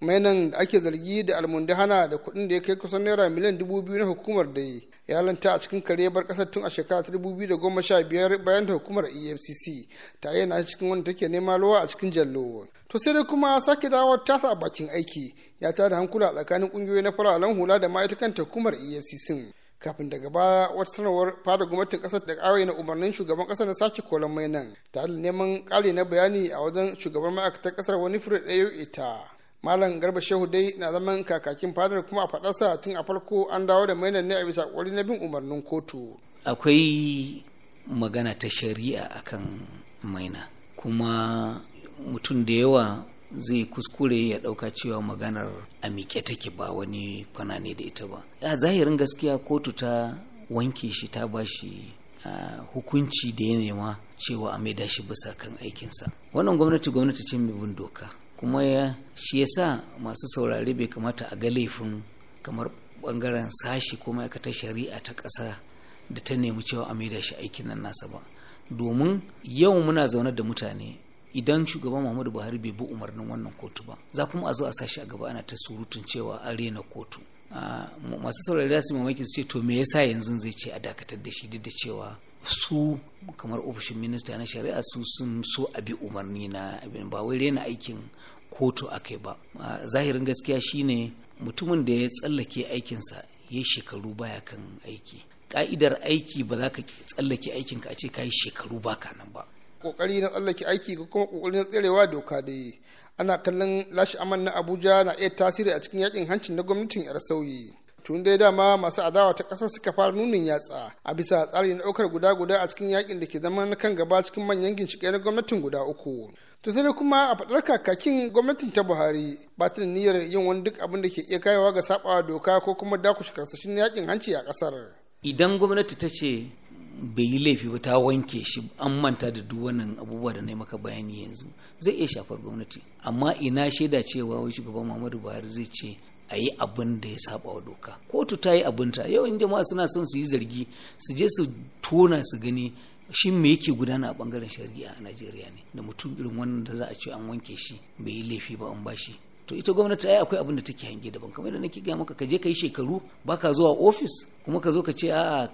mainan da ake zargi da almundi hana da kuɗin da ya kai kusan naira miliyan dubu biyu na hukumar da yi ya lanta a cikin kare bar ƙasar tun a shekara ta dubu biyu da goma sha biyar bayan da hukumar efcc ta yi yana cikin wanda take nema lowa a cikin jallo to sai dai kuma sake dawo tasa a bakin aiki ya ta da hankula tsakanin ƙungiyoyi na fararen hula da ma'aikatan hukumar efcc kafin daga baya wata sanarwar fada gwamnatin kasar da kawai na umarnin shugaban kasar na sake kolon mai nan tare neman kare na bayani a wajen shugaban ma'aikatar kasar wani fure ɗaya ita malam garba shehu dai na zaman kakakin fadar kuma a faɗarsa tun a farko an dawo da mainan ne a bisa kwari na bin umarnin kotu akwai magana ta shari'a akan maina kuma mutum da yawa zai kuskure ya ɗauka cewa maganar a miƙe take ba wani kwana ne da ita ba a zahirin gaskiya kotu ta wanke shi ta bashi hukunci da ya nema cewa a maida shi bisa kan aikinsa wannan gwamnati gwamnati ce mai bin doka kuma ya shi yasa masu saurare bai kamata a ga laifin kamar bangaren sashi ko ma'aikatar shari'a ta ƙasa da ta nemi cewa a maida shi aikin nan nasa ba domin yau muna zaune da mutane idan shugaban muhammadu buhari bai bi umarnin wannan kotu ba za kuma a zo a sashi a gaba ana ta surutun cewa an rena kotu masu saurari za su mamaki su ce to me yasa yanzu zai ce a dakatar da shi duk da cewa su kamar ofishin minista na shari'a su sun so a bi umarni na abin ba wai rena aikin kotu kai ba zahirin gaskiya shine mutumin da ya tsallake aikinsa ya shekaru baya kan aiki ka'idar aiki ba za ka tsallake aikinka a ce ka yi shekaru ba ka nan ba kokari na tsallake aiki ko kuma kokari na tserewa doka da ana kallon lashe aman na abuja na iya tasiri a cikin yakin hancin na gwamnatin yar sauyi tun dai dama masu adawa ta kasar suka fara nunin yatsa a bisa tsarin daukar guda-guda a cikin yakin da ke zama na kan gaba cikin manyan ginshiƙe na gwamnatin guda uku to sai kuma a faɗar kakakin gwamnatin ta buhari ba ta niyyar yin wani duk abin da ke iya kayawa ga saɓawa doka ko kuma dakushe karsashin yakin hanci a kasar idan gwamnati ta ce bai yi laifi ba ta wanke shi an manta da duk wannan abubuwa da na maka bayani yanzu zai iya shafar gwamnati amma ina shaida cewa wai shugaban muhammadu buhari zai ce a yi abin da ya saba wa doka kotu ta yi ta yau in jama'a suna son su yi zargi su je su tona su gani shi me yake gudana a bangaren shari'a a najeriya ne da mutum irin wannan da za a ce an wanke shi bai yi laifi ba an bashi to ita gwamnati ai akwai abin da take hange daban kamar da nake gaya maka ka je ka yi shekaru baka zuwa ofis kuma ka zo ka ce a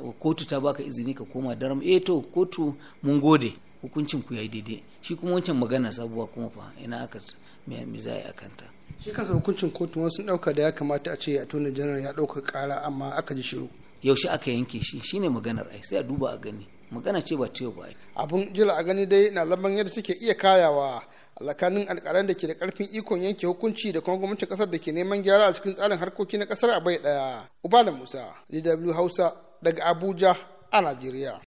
uh, kotu ta baka izini ka koma daram eh to kotu mun gode hukuncin ku yayi daidai shi kuma wancan magana sabuwa kuma fa ina aka me zai a kanta shi kansa hukuncin kotu wasu sun dauka da ya kamata a ce a tona janar ya dauka kara amma aka ji shiru yaushe aka yanke shi shine maganar ai sai a duba a gani magana ce ba ta ba abun jira a gani dai na lamban yadda take iya kayawa tsakanin alkalan da ke da karfin ikon yanke hukunci da kuma gwamnatin kasar da ke neman gyara a cikin tsarin harkoki na kasar a bai ɗaya ubalan musa dw hausa daga abuja a najeriya